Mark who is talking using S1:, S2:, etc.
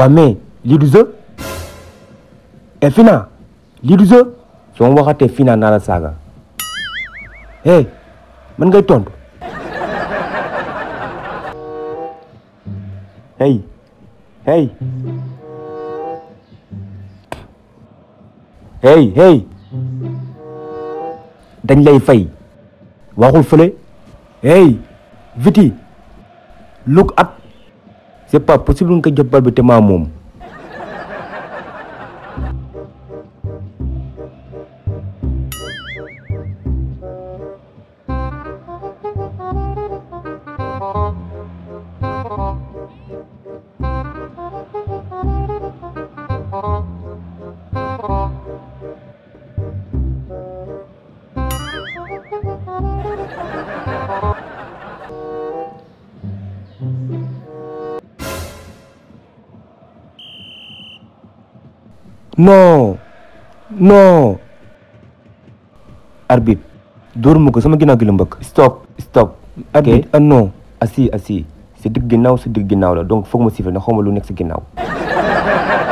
S1: waa mais lii du jeu e Fina lii soo ma waxatee Fina naa la saaga hey eh, man ngay tontu hey hey hey hey lay fay waxul fële hey viti look at c'est pas possible nga jot bal bi te maa non non. arbitre door mu ko sama ginnaaw gi la stop stop. arbitre ah non. assis assis sa digg ginnaaw sa digg ginnaaw la donc foog ma siffler na xaw ma lu nekk sa ginnaaw.